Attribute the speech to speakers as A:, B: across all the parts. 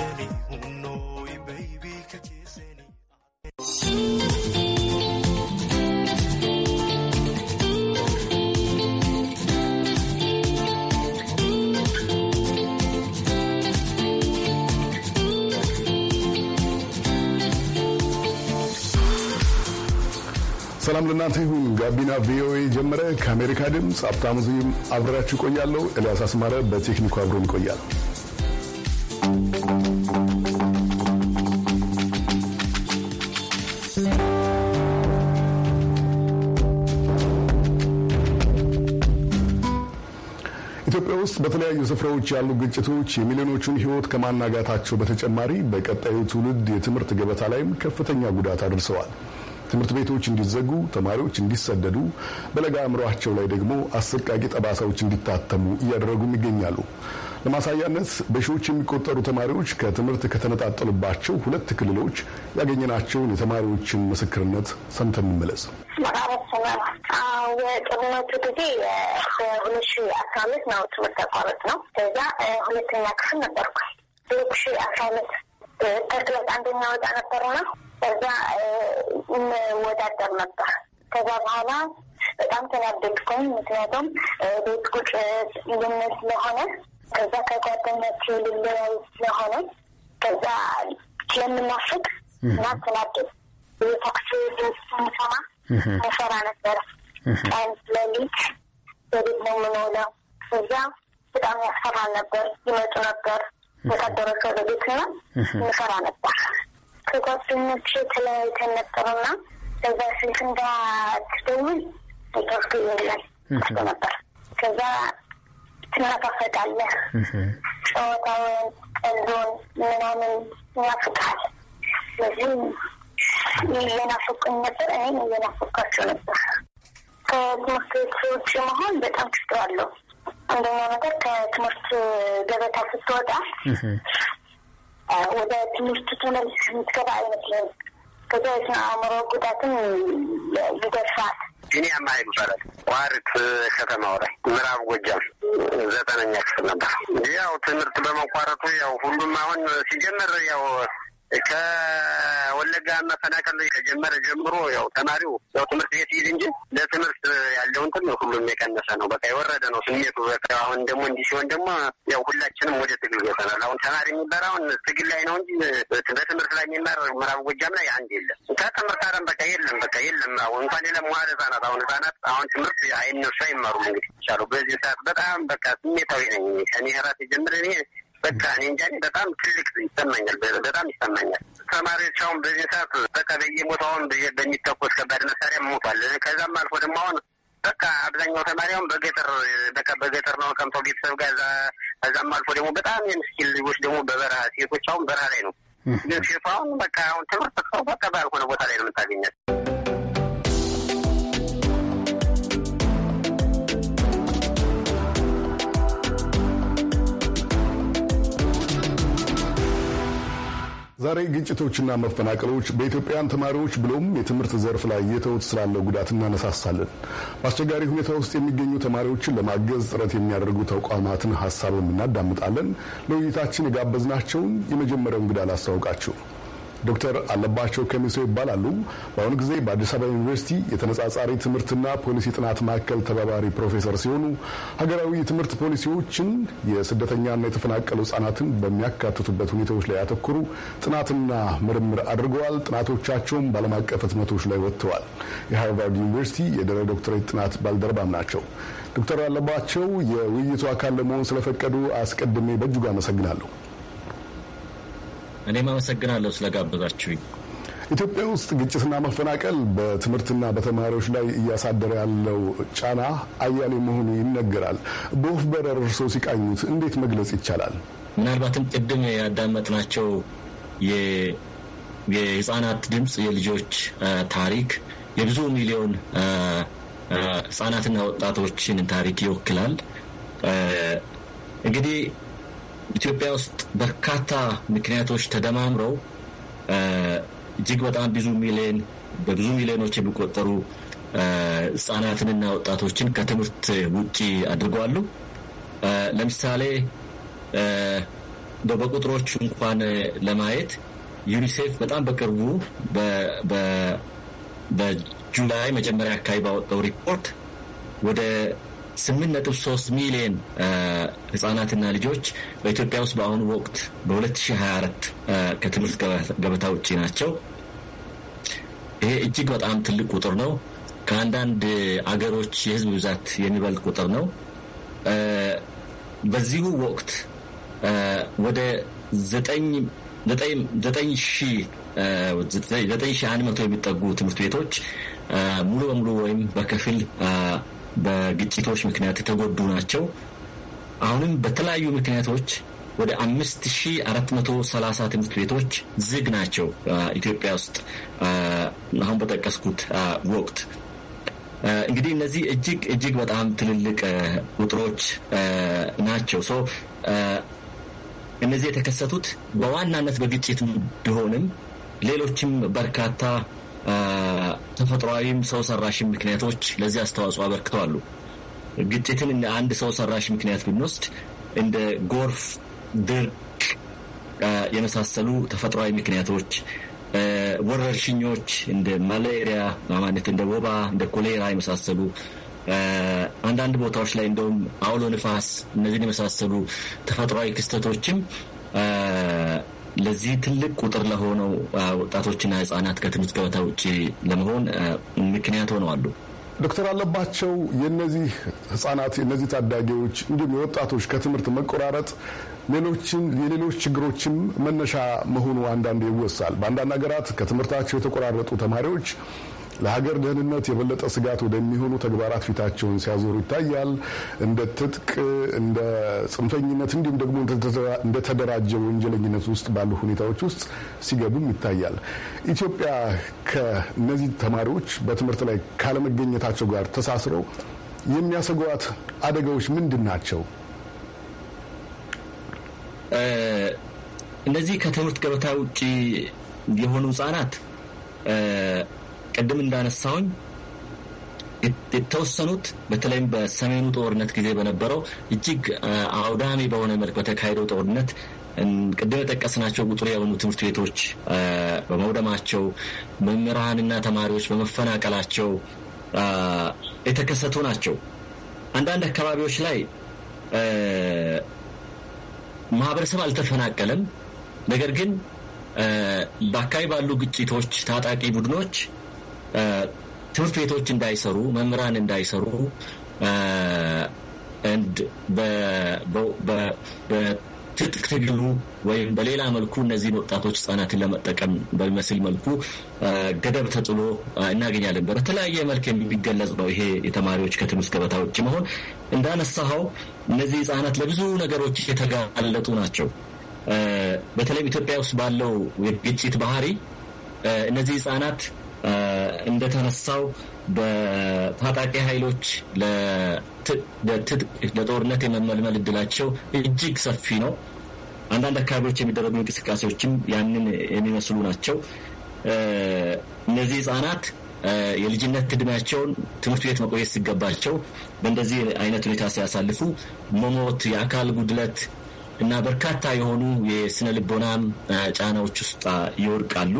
A: Oh
B: ሰላም ለእናንተ ይሁን። ጋቢና ቪኦኤ ጀመረ። ከአሜሪካ ድምፅ ሀብታሙ አብራችሁ አብሬያችሁ እቆያለሁ። ኤልያስ አስማረ በቴክኒኩ አብሮን ይቆያል። በተለያዩ ስፍራዎች ያሉ ግጭቶች የሚሊዮኖቹን ሕይወት ከማናጋታቸው በተጨማሪ በቀጣዩ ትውልድ የትምህርት ገበታ ላይም ከፍተኛ ጉዳት አድርሰዋል። ትምህርት ቤቶች እንዲዘጉ፣ ተማሪዎች እንዲሰደዱ፣ በለጋ አእምሯቸው ላይ ደግሞ አሰቃቂ ጠባሳዎች እንዲታተሙ እያደረጉም ይገኛሉ። ለማሳያነት በሺዎች የሚቆጠሩ ተማሪዎች ከትምህርት ከተነጣጠሉባቸው ሁለት ክልሎች ያገኘናቸውን የተማሪዎችን ምስክርነት ሰምተን እንመለስ።
A: የጦርነቱ ጊዜ በሁለት ሺ አስራ አምስት ነው ትምህርት ያቋረጥ ነው። ከዛ ሁለተኛ ክፍል ነበርኩ። ሁለት ሺ አስራ አምስት ተክለት አንደኛ ወጣ ነው ከዛ እንወዳደር ነበር። ከዛ በኋላ በጣም ተናደድኩኝ፣ ምክንያቱም ቤት ቁጭ ልምል ስለሆነ ከዛ ከጓደኞች ልለያይ ስለሆነ ከዛ ስለምናፍቅ እና ተናደድ የታክሲ ስንሰማ መፈራ ነበረ። ቀን ለሊት በቤት ነው የምንውለው። እዛ በጣም ያስፈራል ነበር። ይመጡ ነበር ወታደሮች ወደ ቤትና እንፈራ ነበር። ከጓደኞች የተለያይተን ነበሩና ከዛ ስልክ እንዳትደውል ነበር። ከዛ ትናፋፈቃለህ፣ ጨዋታውን፣ ቀልዶን ምናምን ይናፍቃል። ስለዚህ እየናፈቁኝ ነበር፣ እኔም እየናፈቃቸው ነበር። ከትምህርት ውጭ መሆን በጣም ችግር አለው። አንደኛ ነገር ከትምህርት ገበታ ስትወጣ ወደ ትምህርት ትምህርት የምትገባ ከዚ የስነ አእምሮ ጉዳትም ይደርሳል።
C: እኔ አማሀይ ይባላል ዋሪት ከተማው ላይ ምዕራብ ጎጃም ዘጠነኛ ክፍል ነበር። ያው ትምህርት በመቋረጡ ያው ሁሉም አሁን ሲጀመር ያው ከወለጋ መፈናቀል ከጀመረ ጀምሮ ያው ተማሪው ያው ትምህርት ቤት ይሄድ እንጂ ለትምህርት ያለው እንትን ነው ሁሉም የቀነሰ ነው። በቃ የወረደ ነው ስሜቱ። በቃ አሁን ደግሞ እንዲህ ሲሆን ደግሞ ያው ሁላችንም ወደ ትግል ገብተናል። አሁን ተማሪ የሚባል አሁን ትግል ላይ ነው እንጂ በትምህርት ላይ የሚማር ምዕራብ ጎጃም ላይ አንድ የለም። ከትምህርት አረም በቃ የለም፣ በቃ የለም። አሁን እንኳን የለም መዋል ህጻናት አሁን ህጻናት አሁን ትምህርት አይነሱ አይማሩም። እንግዲህ ይቻሉ በዚህ ሰዓት በጣም በቃ ስሜታዊ ነኝ ከኔ ራት ራሴ ጀምረ በቃ እኔ እንጃ በጣም ትልቅ ይሰማኛል፣ በጣም ይሰማኛል። ተማሪዎች አሁን በዚህ ሰዓት በቃ በየቦታው አሁን በሚተኮስ ከባድ መሳሪያ ሞቷል። ከዛም አልፎ ደግሞ አሁን በቃ አብዛኛው ተማሪ አሁን በገጠር በቃ በገጠር ነው ከምተው ቤተሰብ ጋር ከዛም አልፎ ደግሞ በጣም የምስኪል ልጆች ደግሞ በበረሃ ሴቶች አሁን በረሃ ላይ ነው ግን ሴቷ አሁን በቃ አሁን ትምህርት በቃ ባልሆነ ቦታ ላይ ነው የምታገኛት።
B: ዛሬ ግጭቶችና መፈናቀሎች በኢትዮጵያውያን ተማሪዎች ብሎም የትምህርት ዘርፍ ላይ እየተውት ስላለው ጉዳት እናነሳሳለን። በአስቸጋሪ ሁኔታ ውስጥ የሚገኙ ተማሪዎችን ለማገዝ ጥረት የሚያደርጉ ተቋማትን ሀሳብም እናዳምጣለን። ለውይይታችን የጋበዝናቸውን የመጀመሪያው እንግዳ ላስታውቃችሁ። ዶክተር አለባቸው ከሚሶ ይባላሉ። በአሁኑ ጊዜ በአዲስ አበባ ዩኒቨርሲቲ የተነጻጻሪ ትምህርትና ፖሊሲ ጥናት ማዕከል ተባባሪ ፕሮፌሰር ሲሆኑ ሀገራዊ የትምህርት ፖሊሲዎችን የስደተኛና የተፈናቀሉ ህጻናትን በሚያካትቱበት ሁኔታዎች ላይ ያተኮሩ ጥናትና ምርምር አድርገዋል። ጥናቶቻቸውም በዓለም አቀፍ ህትመቶች ላይ ወጥተዋል። የሃርቫርድ ዩኒቨርሲቲ የደረ ዶክትሬት ጥናት ባልደረባም ናቸው። ዶክተር አለባቸው የውይይቱ አካል ለመሆን ስለፈቀዱ አስቀድሜ በእጅጉ አመሰግናለሁ።
D: እኔም አመሰግናለሁ ስለጋበዛችሁኝ።
B: ኢትዮጵያ ውስጥ ግጭትና መፈናቀል በትምህርትና በተማሪዎች ላይ እያሳደረ ያለው ጫና አያሌ መሆኑ ይነገራል። በወፍ በረር እርስዎ ሲቃኙት እንዴት መግለጽ ይቻላል?
D: ምናልባትም ቅድም ያዳመጥናቸው የህፃናት ድምፅ፣ የልጆች ታሪክ የብዙ ሚሊዮን ህፃናትና ወጣቶችን ታሪክ ይወክላል። እንግዲህ ኢትዮጵያ ውስጥ በርካታ ምክንያቶች ተደማምረው እጅግ በጣም ብዙ ሚሊዮን በብዙ ሚሊዮኖች የሚቆጠሩ ህጻናትንና ወጣቶችን ከትምህርት ውጭ አድርጓሉ። ለምሳሌ በቁጥሮች እንኳን ለማየት ዩኒሴፍ በጣም በቅርቡ በጁላይ መጀመሪያ አካባቢ ባወጣው ሪፖርት ወደ 8.3 ሚሊዮን ህጻናትና ልጆች በኢትዮጵያ ውስጥ በአሁኑ ወቅት በ2024 ከትምህርት ገበታ ውጭ ናቸው። ይሄ እጅግ በጣም ትልቅ ቁጥር ነው። ከአንዳንድ አገሮች የህዝብ ብዛት የሚበልጥ ቁጥር ነው። በዚሁ ወቅት ወደ ዘጠኝ ሺህ አንድ መቶ የሚጠጉ ትምህርት ቤቶች ሙሉ በሙሉ ወይም በከፊል በግጭቶች ምክንያት የተጎዱ ናቸው። አሁንም በተለያዩ ምክንያቶች ወደ 5430 ትምህርት ቤቶች ዝግ ናቸው ኢትዮጵያ ውስጥ አሁን በጠቀስኩት ወቅት። እንግዲህ እነዚህ እጅግ እጅግ በጣም ትልልቅ ቁጥሮች ናቸው። እነዚህ የተከሰቱት በዋናነት በግጭት ቢሆንም ሌሎችም በርካታ ተፈጥሯዊም ሰው ሰራሽ ምክንያቶች ለዚህ አስተዋጽኦ አበርክተዋሉ። ግጭትን እንደ አንድ ሰው ሰራሽ ምክንያት ብንወስድ እንደ ጎርፍ፣ ድርቅ የመሳሰሉ ተፈጥሯዊ ምክንያቶች፣ ወረርሽኞች እንደ ማላሪያ ማለት እንደ ወባ፣ እንደ ኮሌራ የመሳሰሉ አንዳንድ ቦታዎች ላይ እንደውም አውሎ ንፋስ፣ እነዚህን የመሳሰሉ ተፈጥሯዊ ክስተቶችም ለዚህ ትልቅ ቁጥር ለሆነው ወጣቶችና ህጻናት ከትምህርት ገበታ ውጭ ለመሆን ምክንያት ሆነዋሉ።
B: ዶክተር አለባቸው የነዚህ ህጻናት የነዚህ ታዳጊዎች እንዲሁም የወጣቶች ከትምህርት መቆራረጥ ሌሎችን የሌሎች ችግሮችም መነሻ መሆኑ አንዳንድ ይወሳል። በአንዳንድ ሀገራት ከትምህርታቸው የተቆራረጡ ተማሪዎች ለሀገር ደህንነት የበለጠ ስጋት ወደሚሆኑ ተግባራት ፊታቸውን ሲያዞሩ ይታያል። እንደ ትጥቅ፣ እንደ ጽንፈኝነት እንዲሁም ደግሞ እንደተደራጀ ወንጀለኝነት ውስጥ ባሉ ሁኔታዎች ውስጥ ሲገቡም ይታያል። ኢትዮጵያ ከእነዚህ ተማሪዎች በትምህርት ላይ ካለመገኘታቸው ጋር ተሳስረው የሚያሰጓት አደጋዎች ምንድን ናቸው? እነዚህ
D: ከትምህርት ገበታ ውጭ የሆኑ ህጻናት ቅድም እንዳነሳውኝ የተወሰኑት በተለይም በሰሜኑ ጦርነት ጊዜ በነበረው እጅግ አውዳሚ በሆነ መልክ በተካሄደው ጦርነት ቅድም የጠቀስናቸው ቁጥር የሆኑ ትምህርት ቤቶች በመውደማቸው መምህራንና ተማሪዎች በመፈናቀላቸው የተከሰቱ ናቸው። አንዳንድ አካባቢዎች ላይ ማህበረሰብ አልተፈናቀለም። ነገር ግን በአካባቢ ባሉ ግጭቶች ታጣቂ ቡድኖች ትምህርት ቤቶች እንዳይሰሩ፣ መምህራን እንዳይሰሩ ትጥቅ ትግሉ ወይም በሌላ መልኩ እነዚህን ወጣቶች ህጻናትን ለመጠቀም በሚመስል መልኩ ገደብ ተጥሎ እናገኛለን። በተለያየ መልክ የሚገለጽ ነው ይሄ የተማሪዎች ከትምህርት ገበታ ውጭ መሆን። እንዳነሳኸው እነዚህ ህጻናት ለብዙ ነገሮች የተጋለጡ ናቸው። በተለይም ኢትዮጵያ ውስጥ ባለው የግጭት ባህሪ እነዚህ ህጻናት እንደተነሳው በታጣቂ ኃይሎች ለትጥቅ ለጦርነት የመመልመል እድላቸው እጅግ ሰፊ ነው። አንዳንድ አካባቢዎች የሚደረጉ እንቅስቃሴዎችም ያንን የሚመስሉ ናቸው። እነዚህ ህጻናት የልጅነት ዕድሜያቸውን ትምህርት ቤት መቆየት ሲገባቸው በእንደዚህ አይነት ሁኔታ ሲያሳልፉ መሞት፣ የአካል ጉድለት እና በርካታ የሆኑ የስነ ልቦናም ጫናዎች ውስጥ ይወድቃሉ።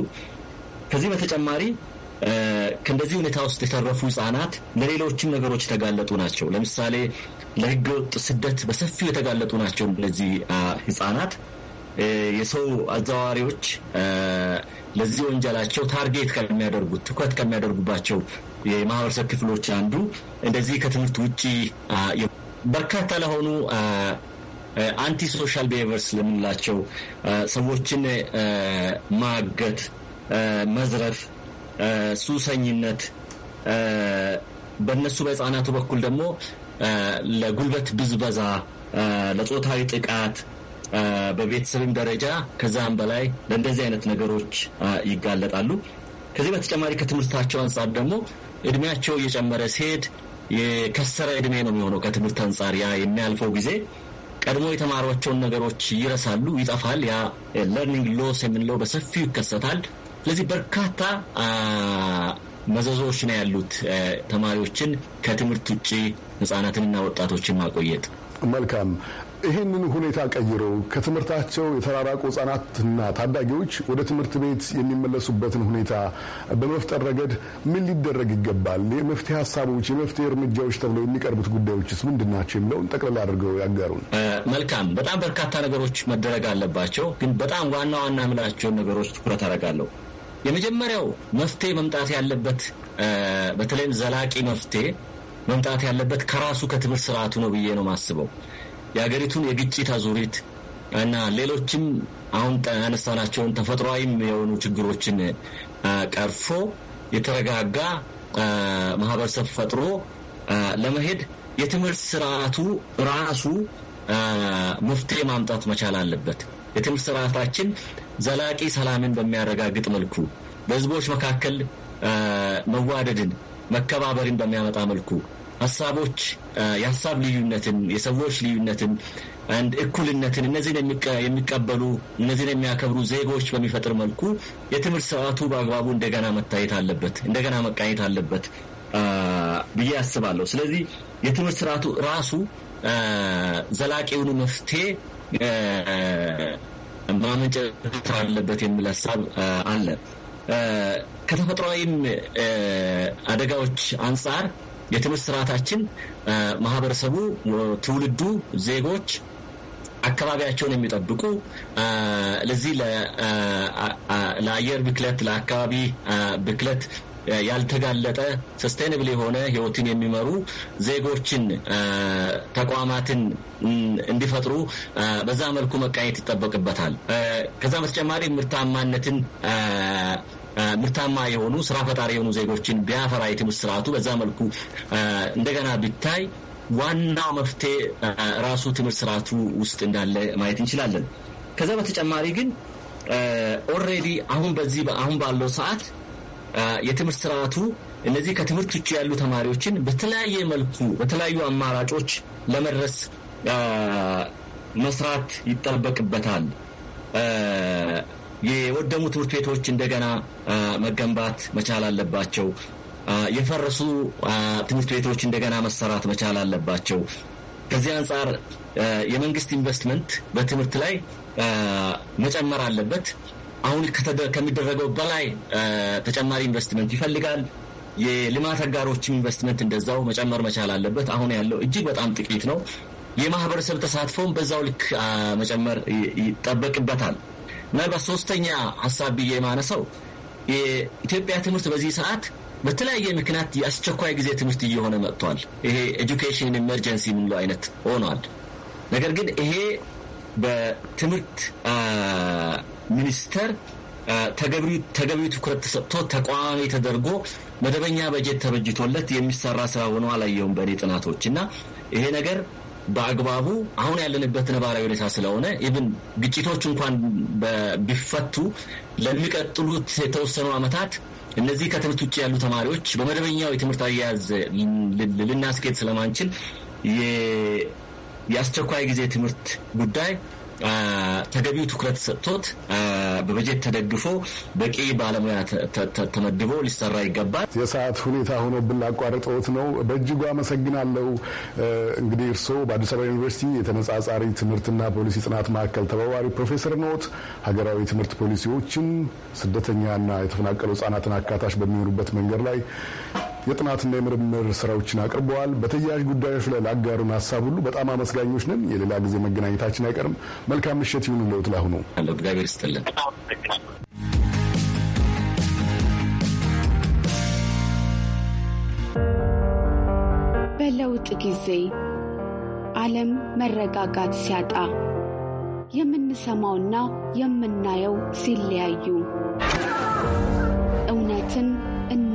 D: ከዚህ በተጨማሪ ከእንደዚህ ሁኔታ ውስጥ የተረፉ ህጻናት ለሌሎችም ነገሮች የተጋለጡ ናቸው። ለምሳሌ ለህገወጥ ስደት በሰፊው የተጋለጡ ናቸው። እነዚህ ህጻናት የሰው አዘዋዋሪዎች ለዚህ ወንጀላቸው ታርጌት ከሚያደርጉት ትኩረት ከሚያደርጉባቸው የማህበረሰብ ክፍሎች አንዱ እንደዚህ ከትምህርት ውጭ በርካታ ለሆኑ አንቲ ሶሻል ቢሄቨርስ ለምንላቸው ሰዎችን ማገት መዝረፍ፣ ሱሰኝነት በእነሱ በህፃናቱ በኩል ደግሞ ለጉልበት ብዝበዛ፣ ለጾታዊ ጥቃት በቤተሰብም ደረጃ ከዛም በላይ ለእንደዚህ አይነት ነገሮች ይጋለጣሉ። ከዚህ በተጨማሪ ከትምህርታቸው አንጻር ደግሞ እድሜያቸው እየጨመረ ሲሄድ የከሰረ እድሜ ነው የሚሆነው። ከትምህርት አንጻር ያ የሚያልፈው ጊዜ ቀድሞ የተማሯቸውን ነገሮች ይረሳሉ፣ ይጠፋል። ያ ለርኒንግ ሎስ የምንለው በሰፊው ይከሰታል። ስለዚህ በርካታ መዘዞዎች ነው ያሉት። ተማሪዎችን ከትምህርት ውጭ ህጻናትንና ወጣቶችን ማቆየት
B: መልካም ይህንን ሁኔታ ቀይረው ከትምህርታቸው የተራራቁ ህጻናትና ታዳጊዎች ወደ ትምህርት ቤት የሚመለሱበትን ሁኔታ በመፍጠር ረገድ ምን ሊደረግ ይገባል? የመፍትሄ ሀሳቦች፣ የመፍትሄ እርምጃዎች ተብለው የሚቀርቡት ጉዳዮችስ ምንድን ናቸው የሚለውን ጠቅላላ አድርገው ያጋሩን።
D: መልካም። በጣም በርካታ ነገሮች መደረግ አለባቸው፣ ግን በጣም ዋና ዋና የምላቸውን ነገሮች ትኩረት አረጋለሁ የመጀመሪያው መፍትሄ መምጣት ያለበት በተለይም ዘላቂ መፍትሄ መምጣት ያለበት ከራሱ ከትምህርት ስርዓቱ ነው ብዬ ነው የማስበው። የሀገሪቱን የግጭት አዙሪት እና ሌሎችም አሁን ያነሳናቸውን ተፈጥሯዊም የሆኑ ችግሮችን ቀርፎ የተረጋጋ ማህበረሰብ ፈጥሮ ለመሄድ የትምህርት ስርዓቱ ራሱ መፍትሄ ማምጣት መቻል አለበት። የትምህርት ስርዓታችን ዘላቂ ሰላምን በሚያረጋግጥ መልኩ በህዝቦች መካከል መዋደድን፣ መከባበርን በሚያመጣ መልኩ ሀሳቦች የሀሳብ ልዩነትን፣ የሰዎች ልዩነትን አንድ እኩልነትን እነዚህን የሚቀበሉ እነዚህን የሚያከብሩ ዜጎች በሚፈጥር መልኩ የትምህርት ስርዓቱ በአግባቡ እንደገና መታየት አለበት፣ እንደገና መቃኘት አለበት ብዬ አስባለሁ። ስለዚህ የትምህርት ስርዓቱ ራሱ ዘላቂውን መፍትሄ ማመንጨት አለበት የሚል ሀሳብ አለ። ከተፈጥሯዊም አደጋዎች አንጻር የትምህርት ስርዓታችን ማህበረሰቡ፣ ትውልዱ፣ ዜጎች አካባቢያቸውን የሚጠብቁ ለዚህ ለአየር ብክለት፣ ለአካባቢ ብክለት ያልተጋለጠ ሰስቴነብል የሆነ ህይወትን የሚመሩ ዜጎችን ተቋማትን እንዲፈጥሩ በዛ መልኩ መቃኘት ይጠበቅበታል። ከዛ በተጨማሪ ምርታማነትን ምርታማ የሆኑ ስራ ፈጣሪ የሆኑ ዜጎችን ቢያፈራ የትምህርት ስርዓቱ በዛ መልኩ እንደገና ቢታይ ዋናው መፍትሄ ራሱ ትምህርት ስርዓቱ ውስጥ እንዳለ ማየት እንችላለን። ከዛ በተጨማሪ ግን ኦልሬዲ አሁን በዚህ አሁን ባለው ሰዓት የትምህርት ስርዓቱ እነዚህ ከትምህርት ውጭ ያሉ ተማሪዎችን በተለያየ መልኩ በተለያዩ አማራጮች ለመድረስ መስራት ይጠበቅበታል። የወደሙ ትምህርት ቤቶች እንደገና መገንባት መቻል አለባቸው። የፈረሱ ትምህርት ቤቶች እንደገና መሰራት መቻል አለባቸው። ከዚህ አንጻር የመንግስት ኢንቨስትመንት በትምህርት ላይ መጨመር አለበት። አሁን ከሚደረገው በላይ ተጨማሪ ኢንቨስትመንት ይፈልጋል። የልማት አጋሮችም ኢንቨስትመንት እንደዛው መጨመር መቻል አለበት። አሁን ያለው እጅግ በጣም ጥቂት ነው። የማህበረሰብ ተሳትፎም በዛው ልክ መጨመር ይጠበቅበታል። እና በሶስተኛ ሀሳብ ብዬ የማነሳው የኢትዮጵያ ትምህርት በዚህ ሰዓት በተለያየ ምክንያት የአስቸኳይ ጊዜ ትምህርት እየሆነ መጥቷል። ይሄ ኤጁኬሽን ኤመርጀንሲ የምንለው አይነት ሆኗል። ነገር ግን ይሄ በትምህርት ሚኒስተር ተገቢው ትኩረት ተሰጥቶ ተቋሚ ተደርጎ መደበኛ በጀት ተበጅቶለት የሚሰራ ስራ ሆኖ አላየውም በእኔ ጥናቶች እና ይሄ ነገር በአግባቡ አሁን ያለንበት ነባራዊ ሁኔታ ስለሆነ ኢቭን ግጭቶች እንኳን ቢፈቱ ለሚቀጥሉት የተወሰኑ ዓመታት እነዚህ ከትምህርት ውጭ ያሉ ተማሪዎች በመደበኛው የትምህርት አያያዝ ልናስኬድ ስለማንችል የአስቸኳይ ጊዜ ትምህርት ጉዳይ ተገቢው ትኩረት ሰጥቶት በበጀት ተደግፎ በቂ ባለሙያ ተመድቦ ሊሰራ ይገባል።
B: የሰዓት ሁኔታ ሆኖብን ላቋርጠዎት ነው። በእጅጉ አመሰግናለሁ። እንግዲህ እርስዎ በአዲስ አበባ ዩኒቨርሲቲ የተነጻጻሪ ትምህርትና ፖሊሲ ጥናት ማዕከል ተባባሪ ፕሮፌሰር ኖት ሀገራዊ ትምህርት ፖሊሲዎችን ስደተኛና የተፈናቀሉ ህጻናትን አካታች በሚሆኑበት መንገድ ላይ የጥናትና የምርምር ስራዎችን አቅርበዋል። በተያያዥ ጉዳዮች ላይ ላጋሩን ሀሳብ ሁሉ በጣም አመስጋኞች ነን። የሌላ ጊዜ መገናኘታችን አይቀርም። መልካም ምሽት ይሁን። ለውት ላሁኑ እግዚአብሔር ይስጥልን።
D: በለውጥ ጊዜ ዓለም መረጋጋት ሲያጣ የምንሰማውና የምናየው ሲለያዩ እውነትን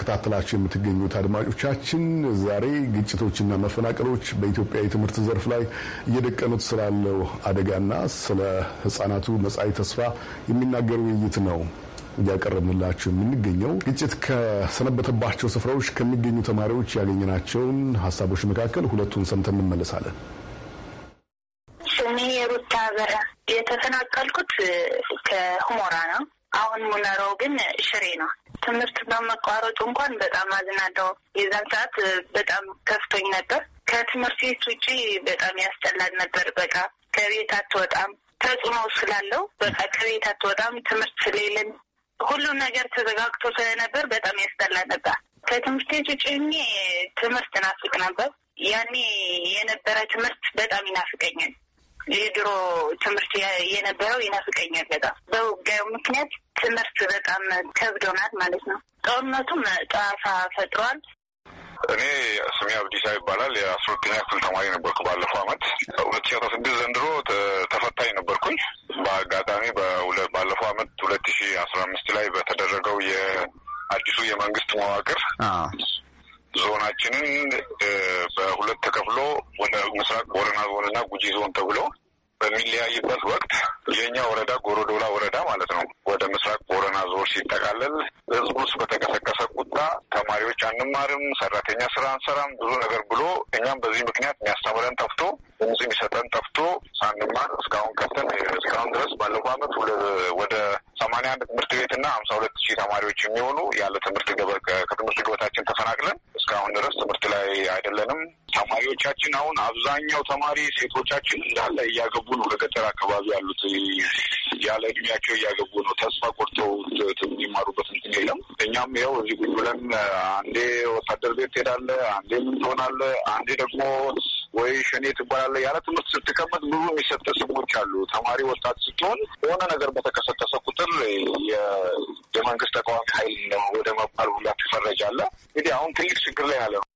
B: እየተከታተላችሁ የምትገኙት አድማጮቻችን ዛሬ ግጭቶችና መፈናቀሎች በኢትዮጵያ የትምህርት ዘርፍ ላይ እየደቀኑት ስላለው አደጋና ስለ ህጻናቱ መጻኢ ተስፋ የሚናገር ውይይት ነው እያቀረብንላችሁ የምንገኘው ግጭት ከሰነበተባቸው ስፍራዎች ከሚገኙ ተማሪዎች ያገኘናቸውን ሀሳቦች መካከል ሁለቱን ሰምተን እንመለሳለን።
A: ስሜ የሩታ በራ የተፈናቀልኩት ከሁሞራ ነው። አሁን ሙነራው ግን ሽሬ ነው። ትምህርት በመቋረጡ እንኳን በጣም አዝናለሁ። የዛን ሰዓት በጣም ከፍቶኝ ነበር። ከትምህርት ቤት ውጪ በጣም ያስጠላል ነበር። በቃ ከቤት አትወጣም፣ ተጽዕኖ ስላለው በቃ ከቤት አትወጣም። ትምህርት ስለሌለን ሁሉም ነገር ተዘጋግቶ ስለነበር በጣም ያስጠላ ነበር። ከትምህርት ቤት ውጪ እኔ ትምህርት ናፍቅ ነበር። ያኔ የነበረ ትምህርት በጣም ይናፍቀኛል። የድሮ ትምህርት የነበረው ይናፍቀኛል በጣም በውጋዩ ምክንያት ትምህርት በጣም ከብዶናል ማለት ነው። ጦርነቱም ጣፋ ፈጥሯል።
E: እኔ ስሜ አብዲሳ ይባላል። የአስራ ሁለተኛ ክፍል ተማሪ ነበርኩ። ባለፈው አመት ሁለት ሺ አስራ ስድስት ዘንድሮ ተፈታኝ ነበርኩኝ። በአጋጣሚ ባለፈው አመት ሁለት ሺ አስራ አምስት ላይ በተደረገው የአዲሱ የመንግስት መዋቅር ዞናችንን በሁለት ተከፍሎ ወደ ምስራቅ ቦረና ዞንና ጉጂ ዞን ተብሎ በሚለያይበት ወቅት የእኛ ወረዳ ጎሮዶላ ወረዳ ማለት ነው ወደ ምስራቅ ቦረና ዞር ሲጠቃለል ህዝቡ ውስጥ በተቀሰቀሰ ቁጣ ተማሪዎች አንማርም፣ ሰራተኛ ስራ አንሰራም፣ ብዙ ነገር ብሎ እኛም በዚህ ምክንያት የሚያስተምረን ጠፍቶ ድምፅ የሚሰጠን ጠፍቶ ሳንማር እስካሁን ከፍተን እስካሁን ድረስ ባለፈው አመት ወደ ሰማንያ አንድ ትምህርት ቤት እና ሀምሳ ሁለት ሺህ ተማሪዎች የሚሆኑ ያለ ትምህርት ከትምህርት ገበታችን ተፈናቅለን ልጆቻችን አሁን አብዛኛው ተማሪ ሴቶቻችን እንዳለ እያገቡ ነው። ከገጠር አካባቢ ያሉት ያለ እድሜያቸው እያገቡ ነው። ተስፋ ቆርተው የሚማሩበት እንትን የለም። እኛም ያው እዚህ ቁጭ ብለን አንዴ ወታደር ቤት ትሄዳለ፣ አንዴ ምን ትሆናለ፣ አንዴ ደግሞ ወይ ሸኔ ትባላለ ያለ ትምህርት ስትቀመጥ ብዙ የሚሰጠ ስሞች አሉ። ተማሪ ወጣት ስትሆን የሆነ ነገር በተከሰከሰ ቁጥር የመንግስት ተቃዋሚ ኃይል ነው ወደ መባል ሁላ ትፈረጃለህ። እንግዲህ አሁን ትልቅ ችግር ላይ ያለ ነው።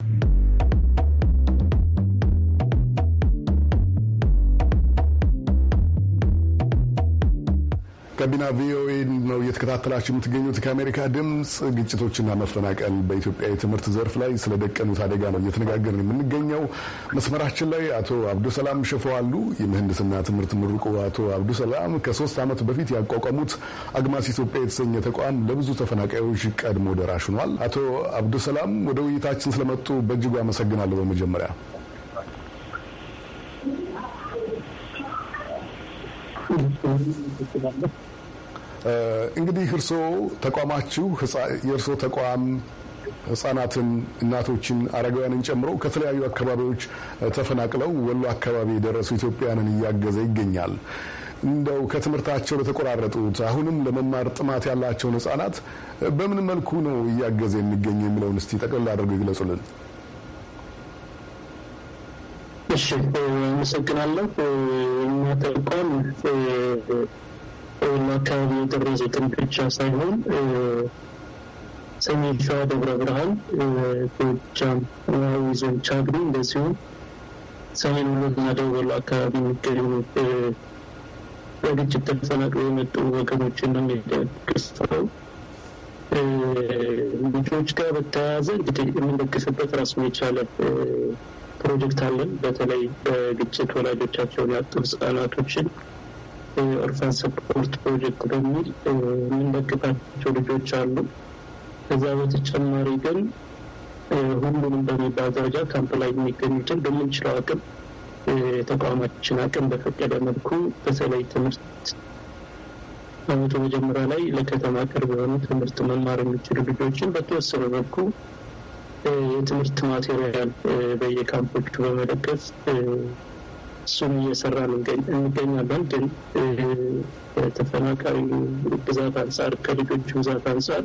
B: ጋቢና ቪኦኤ ነው እየተከታተላችሁ የምትገኙት። ከአሜሪካ ድምፅ ግጭቶችና መፈናቀል በኢትዮጵያ የትምህርት ዘርፍ ላይ ስለደቀኑት አደጋ ነው እየተነጋገርን የምንገኘው። መስመራችን ላይ አቶ አብዱሰላም ሽፈው አሉ። የምህንድስና ትምህርት ምሩቁ አቶ አብዱሰላም ከሶስት ዓመት በፊት ያቋቋሙት አግማስ ኢትዮጵያ የተሰኘ ተቋም ለብዙ ተፈናቃዮች ቀድሞ ደራሽ ሆኗል። አቶ አብዱሰላም ወደ ውይይታችን ስለመጡ በእጅጉ አመሰግናለሁ። በመጀመሪያ እንግዲህ እርስዎ ተቋማችሁ የእርስዎ ተቋም ህጻናትን፣ እናቶችን፣ አረጋውያንን ጨምሮ ከተለያዩ አካባቢዎች ተፈናቅለው ወሎ አካባቢ የደረሱ ኢትዮጵያውያንን እያገዘ ይገኛል። እንደው ከትምህርታቸው ለተቆራረጡት አሁንም ለመማር ጥማት ያላቸውን ህጻናት በምን መልኩ ነው እያገዘ የሚገኝ የሚለውን እስቲ ጠቅልል አድርገው ይግለጹልን።
F: እሺ አመሰግናለሁ። ተቋም ለአካባቢ የደረሱትን ብቻ ሳይሆን ሰሜን ሸዋ ደብረ ብርሃን፣ ጎጃም ዞን ቻግኒ፣ እንደዚሁም ሰሜን ወሎና ደቡብ ወሎ አካባቢ የሚገኙ በግጭት ተፈናቅለው የመጡ ወገኖችን ነው የሚደግፈው። ልጆች ጋር በተያያዘ እንግዲህ የምንደግስበት ራሱን የቻለ ፕሮጀክት አለን። በተለይ በግጭት ወላጆቻቸውን ያጡ ህጻናቶችን ኦርፋን ሰፖርት ፕሮጀክት በሚል የምንደግፋቸው ልጆች አሉ። ከዛ በተጨማሪ ግን ሁሉንም በሚባል ደረጃ ካምፕ ላይ የሚገኙትን በምንችለው አቅም የተቋማችን አቅም በፈቀደ መልኩ በተለይ ትምህርት አመቱ መጀመሪያ ላይ ለከተማ ቅርብ የሆኑ ትምህርት መማር የሚችሉ ልጆችን በተወሰነ መልኩ የትምህርት ማቴሪያል በየካምፖቹ በመደገፍ እሱን እየሰራ እንገኛለን። ግን ተፈናቃዩ ብዛት አንጻር ከልጆቹ ብዛት አንጻር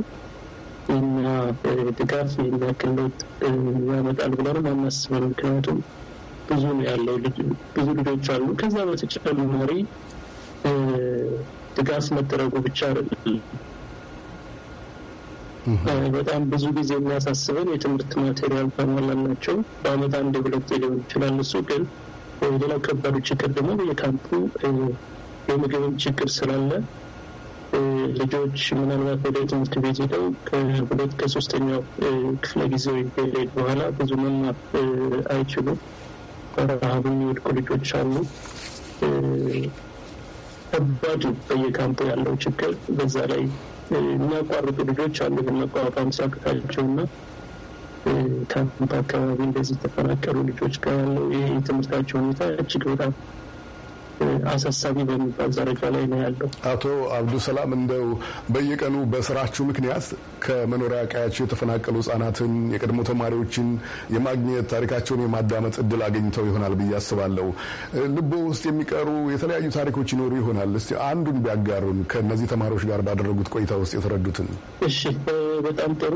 F: የኛ ድጋፍ የኛ ክሎት ያመጣል ብለንም አናስበን። ምክንያቱም ብዙ ነው ያለው ብዙ ልጆች አሉ። ከዛ በተጨማሪ ድጋፍ መደረጉ ብቻ አይደለም በጣም ብዙ ጊዜ የሚያሳስበን የትምህርት ማቴሪያል በማላናቸው በአመት አንድ ሁለት ሊሆን ይችላል። እሱ ግን ሌላው ከባዱ ችግር ደግሞ የካምፑ የምግብ ችግር ስላለ ልጆች ምናልባት ወደ ትምህርት ቤት ሄደው ከሁለት ከሶስተኛው ክፍለ ጊዜ ፔሪድ በኋላ ብዙ መማር አይችሉም። በረሃብ የሚወድቁ ልጆች አሉ። ከባድ በየካምፑ ያለው ችግር በዛ ላይ የሚያቋርጡ ልጆች አሉ መቋቋም ሲያቅታቸው እና ካምፕ አካባቢ እንደዚህ የተፈናቀሉ
B: ልጆች ጋር ያለው ይህ የትምህርታቸው ሁኔታ እጅግ በጣም አሳሳቢ በሚባል ደረጃ ላይ ነው ያለው። አቶ አብዱ ሰላም እንደው በየቀኑ በስራችሁ ምክንያት ከመኖሪያ ቀያቸው የተፈናቀሉ ህጻናትን፣ የቀድሞ ተማሪዎችን የማግኘት ታሪካቸውን የማዳመጥ እድል አገኝተው ይሆናል ብዬ አስባለሁ። ልቦ ውስጥ የሚቀሩ የተለያዩ ታሪኮች ይኖሩ ይሆናል። እስቲ አንዱን ቢያጋሩን ከእነዚህ ተማሪዎች ጋር ባደረጉት ቆይታ ውስጥ የተረዱትን።
F: እሺ፣ በጣም ጥሩ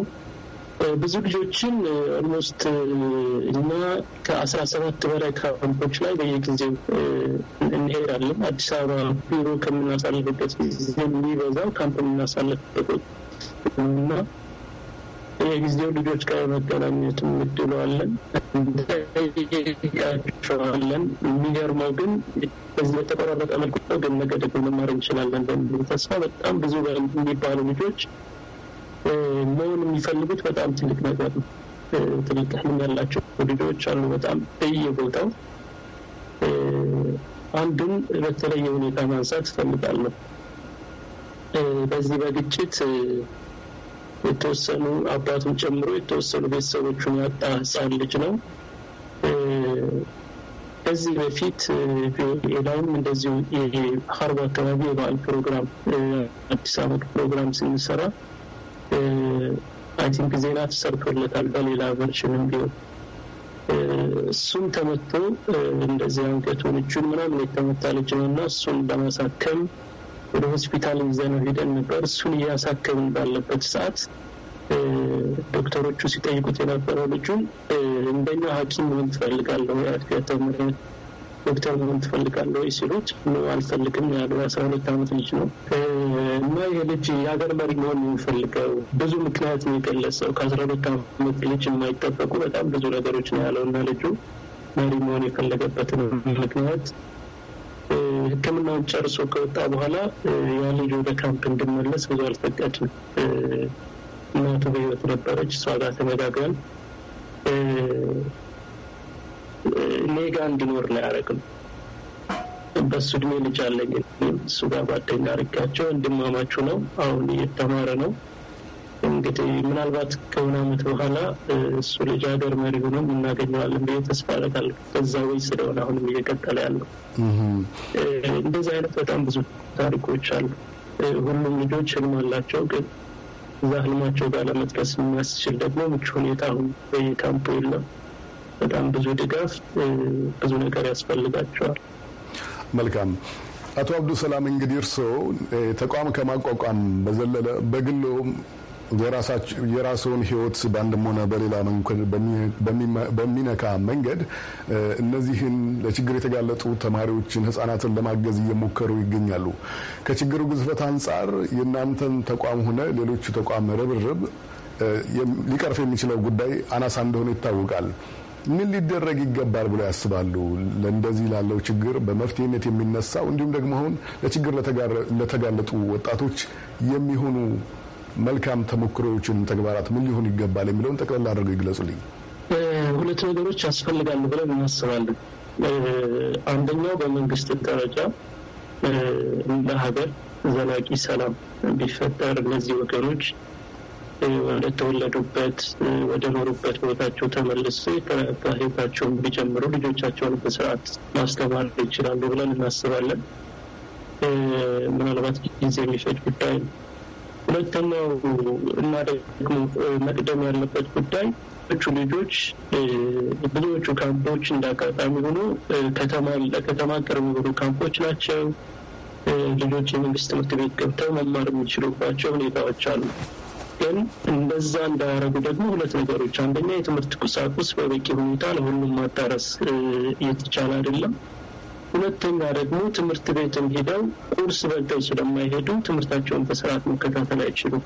F: ብዙ ልጆችን ኦልሞስት እኛ ከአስራ ሰባት በላይ ካምፖች ላይ በየጊዜው እንሄዳለን። አዲስ አበባ ቢሮ ከምናሳልፍበት ጊዜ የሚበዛው ካምፕ የምናሳልፍበት እና የጊዜው ልጆች ጋር የመገናኘት ምድለዋለን እንጠይቃቸዋለን። የሚገርመው ግን በዚህ በተቆራረጠ መልኩ ግን ነገ ደግሞ መማር እንችላለን በሚል ተስፋ በጣም ብዙ የሚባሉ ልጆች መሆን የሚፈልጉት በጣም ትልቅ ነገር ነው። ትልቅ ህልም ያላቸው ልጆች አሉ በጣም በየቦታው። አንዱን በተለየ ሁኔታ ማንሳት እፈልጋለሁ። በዚህ በግጭት የተወሰኑ አባቱን ጨምሮ የተወሰኑ ቤተሰቦቹን ያጣ ህፃን ልጅ ነው። ከዚህ በፊት ሌላውም እንደዚሁ የሀርባ አካባቢ የበዓል ፕሮግራም አዲስ አመት ፕሮግራም ስንሰራ አይ ቲንክ ዜና ተሰርቶለታል በሌላ ቨርሽንም ቢሆን እሱም ተመቶ እንደዚህ አንገቱን እጁን ምናምን የተመታ ልጅ ነው እና እሱን ለማሳከም ወደ ሆስፒታል ይዘነው ሄደን ነበር። እሱን እያሳከምን ባለበት ሰዓት ዶክተሮቹ ሲጠይቁት የነበረው ልጁን እንደኛ ሐኪም መሆን ትፈልጋለሁ ያድገ ዶክተር መሆን ትፈልጋለ ወይ ሲሉት አልፈልግም ያለው አስራ ሁለት አመት ልጅ ነው እና ይሄ ልጅ የሀገር መሪ መሆን የሚፈልገው ብዙ ምክንያት ነው የገለጸው። ከአስራ ሁለት አመት ልጅ የማይጠበቁ በጣም ብዙ ነገሮች ነው ያለው እና ልጁ መሪ መሆን የፈለገበትን ምክንያት ሕክምናውን ጨርሶ ከወጣ በኋላ ያ ልጅ ወደ ካምፕ እንድመለስ ብዙ አልፈቀድም። እናቱ በህይወት ነበረች። እሷ ጋር ተነጋግረን እድሜ ጋር እንድኖር ነው ያደረግም። በሱ እድሜ ልጅ አለኝ። እሱ ጋር ጓደኛ አድርጋቸው እንድማማችሁ ነው። አሁን እየተማረ ነው። እንግዲህ ምናልባት ከሆነ አመት በኋላ እሱ ልጅ ሀገር መሪ ሆኖ እናገኘዋለን ብዬ ተስፋ አደርጋለሁ። በዛ ወይ ስለሆነ አሁንም እየቀጠለ ያለው እንደዚህ አይነት በጣም ብዙ ታሪኮች አሉ። ሁሉም ልጆች ህልም አላቸው፣ ግን እዛ ህልማቸው ጋር ለመጥቀስ የሚያስችል ደግሞ ምቹ ሁኔታ አሁን በየካምፖ የለም። በጣም ብዙ ድጋፍ፣ ብዙ
B: ነገር ያስፈልጋቸዋል። መልካም አቶ አብዱ ሰላም እንግዲህ እርስዎ ተቋም ከማቋቋም በዘለለ በግሎ የራስዎን ሕይወት በአንድም ሆነ በሌላ በሚነካ መንገድ እነዚህን ለችግር የተጋለጡ ተማሪዎችን፣ ህጻናትን ለማገዝ እየሞከሩ ይገኛሉ። ከችግሩ ግዝፈት አንጻር የእናንተን ተቋም ሆነ ሌሎቹ ተቋም ርብርብ ሊቀርፍ የሚችለው ጉዳይ አናሳ እንደሆነ ይታወቃል። ምን ሊደረግ ይገባል ብለው ያስባሉ? ለእንደዚህ ላለው ችግር በመፍትሄነት የሚነሳው እንዲሁም ደግሞ አሁን ለችግር ለተጋለጡ ወጣቶች የሚሆኑ መልካም ተሞክሮዎችን፣ ተግባራት ምን ሊሆን ይገባል የሚለውን ጠቅላላ አድርገው ይግለጹልኝ።
F: ሁለት ነገሮች ያስፈልጋሉ ብለን እናስባለን። አንደኛው በመንግስት ደረጃ እንደ ሀገር ዘላቂ ሰላም ቢፈጠር እነዚህ ወገኖች ወደተወለዱበት ወደኖሩበት ቦታቸው ተመልሶ ከህይወታቸውን ቢጀምሩ ልጆቻቸውን በስርዓት ማስተማር ይችላሉ ብለን እናስባለን። ምናልባት ጊዜ የሚፈጅ ጉዳይ ነው። ሁለተኛው እና ደግሞ መቅደም ያለበት ጉዳይ ቹ ልጆች ብዙዎቹ ካምፖች እንዳጋጣሚ ሆኖ ከተማ ለከተማ ቅርብ የሆኑ ካምፖች ናቸው። ልጆች የመንግስት ትምህርት ቤት ገብተው መማር የሚችሉባቸው ሁኔታዎች አሉ። ግን እንደዛ እንዳያረጉ ደግሞ ሁለት ነገሮች፣ አንደኛ የትምህርት ቁሳቁስ በበቂ ሁኔታ ለሁሉም ማዳረስ እየተቻለ አይደለም። ሁለተኛ ደግሞ ትምህርት ቤትም ሄደው ቁርስ በልተው ስለማይሄዱ ትምህርታቸውን በስርዓት መከታተል አይችሉም።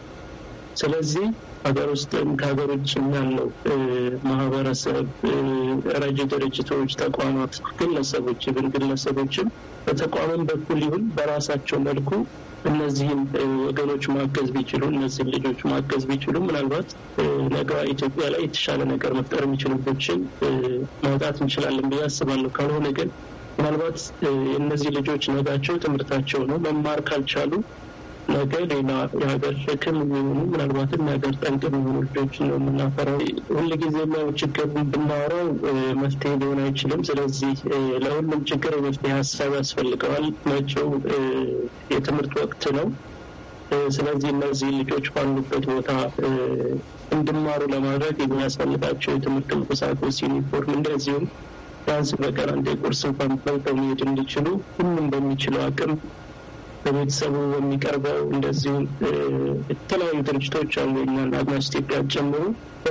F: ስለዚህ ሀገር ውስጥም ከሀገር ውጭም ያለው ማህበረሰብ፣ ረጅ ድርጅቶች፣ ተቋማት፣ ግለሰቦች ይብን ግለሰቦችም በተቋምም በኩል ይሁን በራሳቸው መልኩ እነዚህም ወገኖች ማገዝ ቢችሉ እነዚህም ልጆች ማገዝ ቢችሉ ምናልባት ነገ ኢትዮጵያ ላይ የተሻለ ነገር መፍጠር የሚችሉበችን ማውጣት እንችላለን ብዬ አስባለሁ። ካልሆነ ግን ምናልባት የእነዚህ ልጆች ነጋቸው ትምህርታቸው ነው። መማር ካልቻሉ ነገር ሌላ የሀገር ሸክም የሚሆኑ ምናልባትም የሀገር ጠንቅ የሚሆኑ ልጆች ነው የምናፈራው። ሁልጊዜ ያው ችግር ብናወራው መፍትሄ ሊሆን አይችልም። ስለዚህ ለሁሉም ችግር መፍትሄ ሀሳብ ያስፈልገዋል። መጪው የትምህርት ወቅት ነው። ስለዚህ እነዚህ ልጆች ባሉበት ቦታ እንድማሩ ለማድረግ የሚያስፈልጋቸው የትምህርት ቁሳቁስ፣ ዩኒፎርም እንደዚሁም ቢያንስ በቀን አንዴ ቁርስ እንኳን በልተው መሄድ እንዲችሉ ሁሉም በሚችለው አቅም በቤተሰቡ የሚቀርበው እንደዚሁ የተለያዩ ድርጅቶች አሉ እኛን አድማስ ኢትዮጵያ ጨምሮ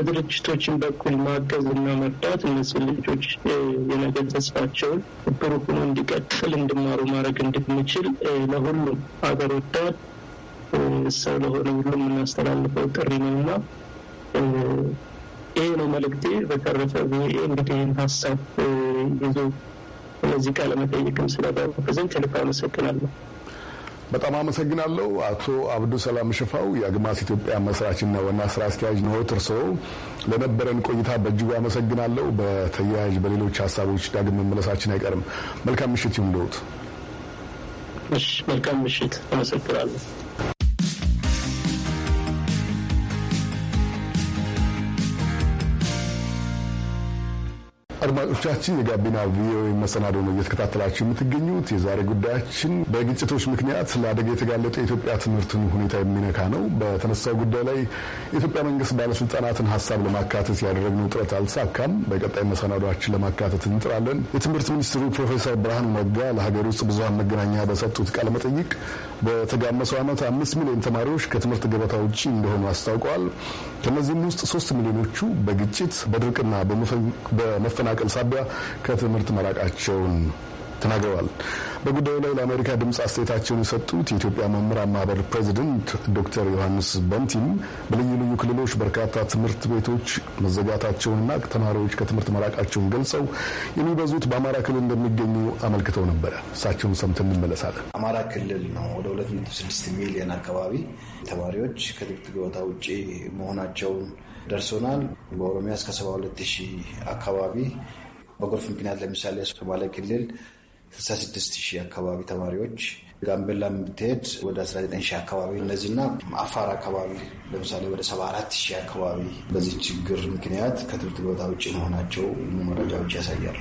F: በድርጅቶችን በኩል ማገዝ እና መርዳት እነዚህ ልጆች የነገ ተስፋቸውን ብሩህ ሆኖ እንዲቀጥል እንድማሩ ማድረግ እንድንችል ለሁሉም ሀገር ወዳድ ሰው ለሆነ ሁሉም የምናስተላልፈው ጥሪ ነው እና ይሄ ነው መልእክቴ። በተረፈ ይሄ እንግዲህ ይህን ሀሳብ ይዞ እነዚህ ቃለመጠይቅም ስለጋበዘኝ ከልብ አመሰግናለሁ።
B: በጣም አመሰግናለሁ። አቶ አብዱ ሰላም ሽፋው የአግማስ ኢትዮጵያ መስራችና ዋና ስራ አስኪያጅ ነዎት። እርስዎ ለነበረን ቆይታ በእጅጉ አመሰግናለሁ። በተያያዥ በሌሎች ሀሳቦች ዳግም መመለሳችን አይቀርም። መልካም ምሽት ይሁን። ልሁት
F: መልካም ምሽት። አመሰግናለሁ።
B: አድማጮቻችን የጋቢና ቪኦኤ መሰናዶ ነው እየተከታተላችሁ የምትገኙት። የዛሬ ጉዳያችን በግጭቶች ምክንያት ለአደጋ የተጋለጠ የኢትዮጵያ ትምህርትን ሁኔታ የሚነካ ነው። በተነሳው ጉዳይ ላይ የኢትዮጵያ መንግስት ባለስልጣናትን ሀሳብ ለማካተት ያደረግነው ጥረት አልተሳካም። በቀጣይ መሰናዶችን ለማካተት እንጥራለን። የትምህርት ሚኒስትሩ ፕሮፌሰር ብርሃኑ ነጋ ለሀገር ውስጥ ብዙሀን መገናኛ በሰጡት ቃለ መጠይቅ በተጋመሰው ዓመት አምስት ሚሊዮን ተማሪዎች ከትምህርት ገበታ ውጭ እንደሆኑ አስታውቀዋል። ከነዚህም ውስጥ ሶስት ሚሊዮኖቹ በግጭት በድርቅና በመፈናቀል ሳቢያ ከትምህርት መራቃቸውን ተናግረዋል። በጉዳዩ ላይ ለአሜሪካ ድምፅ አስተያየታቸውን የሰጡት የኢትዮጵያ መምህራን ማህበር ፕሬዚደንት ዶክተር ዮሐንስ በንቲም በልዩ ልዩ ክልሎች በርካታ ትምህርት ቤቶች መዘጋታቸውንና ተማሪዎች ከትምህርት መራቃቸውን ገልጸው የሚበዙት በአማራ ክልል እንደሚገኙ አመልክተው ነበረ። እሳቸውን ሰምተን እንመለሳለን። አማራ
D: ክልል ነው ወደ 26 ሚሊዮን አካባቢ ተማሪዎች ከትምህርት ገበታ ውጭ መሆናቸውን ደርሶናል። በኦሮሚያ እስከ 72 ሺህ አካባቢ
E: በጎርፍ ምክንያት ለምሳሌ ሶማሌ ክልል 66 ሺህ አካባቢ ተማሪዎች
D: ጋምቤላ ብትሄድ ወደ 19 ሺህ አካባቢ እነዚህና አፋር አካባቢ ለምሳሌ ወደ
B: 74 ሺህ አካባቢ በዚህ ችግር ምክንያት ከትምህርት ቦታ ውጭ መሆናቸው መረጃዎች ያሳያሉ።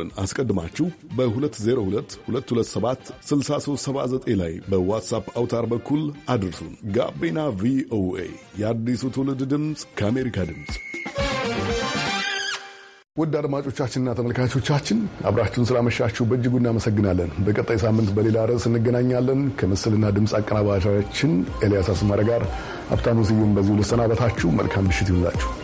B: ቁጥርን አስቀድማችሁ በ 6379 ላይ በዋትሳፕ አውታር በኩል አድርሱን። ጋቢና ቪኦኤ የአዲሱ ትውልድ ድምፅ ከአሜሪካ ድምፅ። ውድ አድማጮቻችንና ተመልካቾቻችን አብራችሁን ስላመሻችሁ በእጅጉ እናመሰግናለን። በቀጣይ ሳምንት በሌላ ርዕስ እንገናኛለን። ከምስልና ድምፅ አቀናባሪያችን ኤልያስ አስማረ ጋር ሀብታሙ ስዩም በዚሁ ልሰናበታችሁ። መልካም ምሽት ይሁንላችሁ።